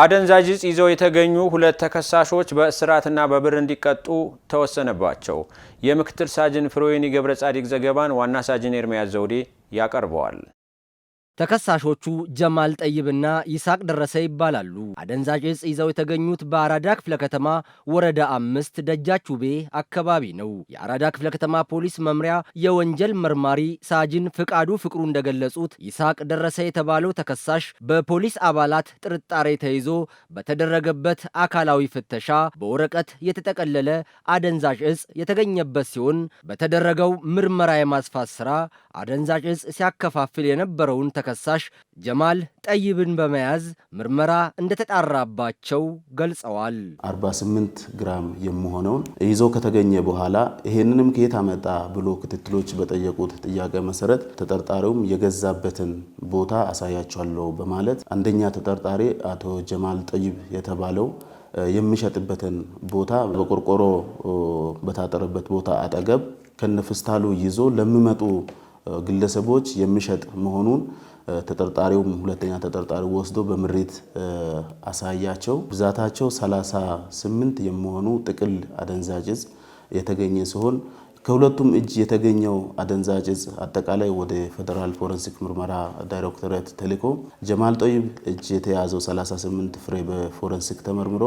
አደንዛዥ ዕፅ ይዘው የተገኙ ሁለት ተከሳሾች በእስራትና በብር እንዲቀጡ ተወሰነባቸው። የምክትል ሳጅን ፍሬወይኒ ገብረ ጻዲቅ ዘገባን ዋና ሳጅን ኤርሚያስ ዘውዴ ያቀርበዋል። ተከሳሾቹ ጀማል ጠይብና ይስሐቅ ደረሰ ይባላሉ። አደንዛዥ ዕፅ ይዘው የተገኙት በአራዳ ክፍለ ከተማ ወረዳ አምስት ደጃቹቤ አካባቢ ነው። የአራዳ ክፍለ ከተማ ፖሊስ መምሪያ የወንጀል መርማሪ ሳጅን ፍቃዱ ፍቅሩ እንደገለጹት ይስሐቅ ደረሰ የተባለው ተከሳሽ በፖሊስ አባላት ጥርጣሬ ተይዞ በተደረገበት አካላዊ ፍተሻ በወረቀት የተጠቀለለ አደንዛዥ ዕፅ የተገኘበት ሲሆን በተደረገው ምርመራ የማስፋት ስራ አደንዛዥ እጽ ሲያከፋፍል የነበረውን ተከ ተከሳሽ ጀማል ጠይብን በመያዝ ምርመራ እንደተጣራባቸው ገልጸዋል። 48 ግራም የሚሆነውን ይዞ ከተገኘ በኋላ ይሄንንም ከየት አመጣ ብሎ ክትትሎች በጠየቁት ጥያቄ መሰረት ተጠርጣሪውም የገዛበትን ቦታ አሳያቸዋለሁ በማለት አንደኛ ተጠርጣሪ አቶ ጀማል ጠይብ የተባለው የሚሸጥበትን ቦታ በቆርቆሮ በታጠረበት ቦታ አጠገብ ከነፍስታሉ ይዞ ለሚመጡ ግለሰቦች የሚሸጥ መሆኑን ተጠርጣሪውም ሁለተኛ ተጠርጣሪ ወስዶ በምሬት አሳያቸው። ብዛታቸው 38 የሚሆኑ ጥቅል አደንዛዥ እጽ የተገኘ ሲሆን ከሁለቱም እጅ የተገኘው አደንዛዥ እጽ አጠቃላይ ወደ ፌዴራል ፎረንሲክ ምርመራ ዳይሬክቶሬት ተልኮ ጀማል ጦይብ እጅ የተያዘው 38 ፍሬ በፎረንሲክ ተመርምሮ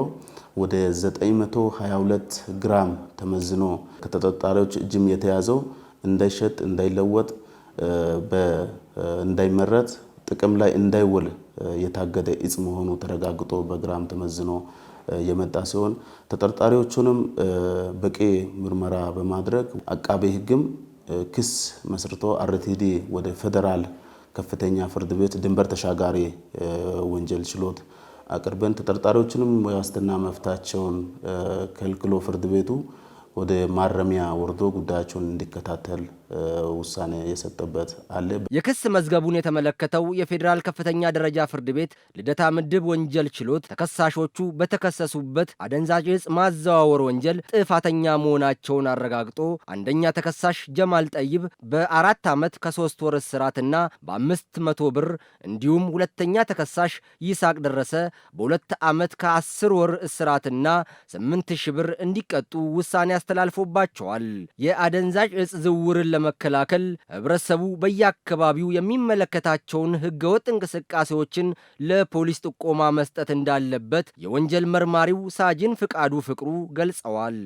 ወደ 922 ግራም ተመዝኖ ከተጠርጣሪዎች እጅም የተያዘው እንዳይሸጥ እንዳይለወጥ እንዳይመረት ጥቅም ላይ እንዳይውል የታገደ እጽ መሆኑ ተረጋግጦ በግራም ተመዝኖ የመጣ ሲሆን ተጠርጣሪዎቹንም በቂ ምርመራ በማድረግ አቃቤ ሕግም ክስ መስርቶ አርቲዲ ወደ ፌዴራል ከፍተኛ ፍርድ ቤት ድንበር ተሻጋሪ ወንጀል ችሎት አቅርበን ተጠርጣሪዎችንም የዋስትና መፍታቸውን ከልክሎ ፍርድ ቤቱ ወደ ማረሚያ ወርዶ ጉዳያቸውን እንዲከታተል ውሳኔ የሰጠበት አለ። የክስ መዝገቡን የተመለከተው የፌዴራል ከፍተኛ ደረጃ ፍርድ ቤት ልደታ ምድብ ወንጀል ችሎት ተከሳሾቹ በተከሰሱበት አደንዛዥ ዕፅ ማዘዋወር ወንጀል ጥፋተኛ መሆናቸውን አረጋግጦ አንደኛ ተከሳሽ ጀማል ጠይብ በአራት ዓመት ከሶስት ወር እስራትና በአምስት መቶ ብር እንዲሁም ሁለተኛ ተከሳሽ ይስሐቅ ደረሰ በሁለት ዓመት ከአስር ወር እስራትና ስምንት ሺህ ብር እንዲቀጡ ውሳኔ አስተላልፎባቸዋል። የአደንዛዥ እጽ ዝውውርን ለመከላከል ህብረተሰቡ በየአካባቢው የሚመለከታቸውን ህገወጥ እንቅስቃሴዎችን ለፖሊስ ጥቆማ መስጠት እንዳለበት የወንጀል መርማሪው ሳጅን ፍቃዱ ፍቅሩ ገልጸዋል።